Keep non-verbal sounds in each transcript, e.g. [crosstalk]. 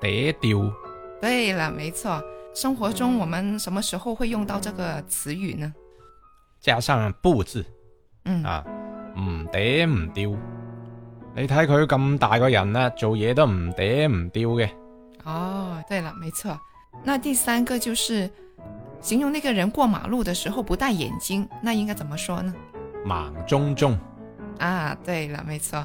嗲吊。對了，沒錯。生活中我們什麼時候會用到這個詞語呢？加上不字，嗯啊，唔嗲唔吊。你睇佢咁大個人啦、啊，做嘢都唔嗲唔吊嘅。哦，對了，沒錯。那第三個就是形容那個人過馬路的時候不戴眼睛，那應該怎麼說呢？盲中中。啊，對了，沒錯。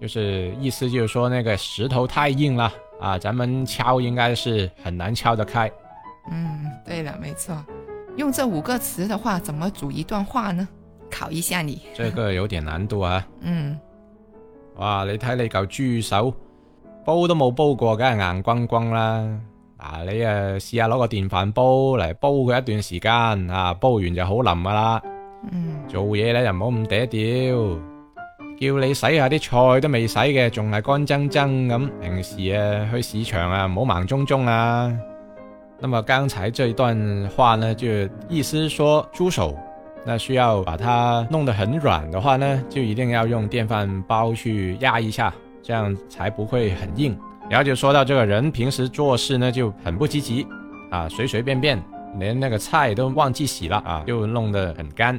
就是意思就是說那個石頭太硬了啊，咱們敲應該是很難敲得開。嗯，對了，沒錯。用這五個詞的話，怎麼組一段話呢？考一下你。 [laughs] 這個有點難度啊。嗯。哇，你睇你嚿豬手煲都冇煲過，梗係硬轟轟啦。嗱、啊，你誒、啊、試下攞個電飯煲嚟煲佢一段時間啊，煲完就好腍噶啦。嗯。做嘢咧又唔好咁嗲吊。要你洗一下啲菜都未洗嘅，仲係乾爭爭咁。平時啊去市場啊，唔好盲中中啊。咁麼剛才這一段話呢，就意思說豬手，那需要把它弄得很軟的話呢，就一定要用電飯煲去壓一下，這樣才不會很硬。然後就說到這個人平時做事呢就很不積極啊，隨隨便便連那個菜都忘記洗了啊，又弄得很乾。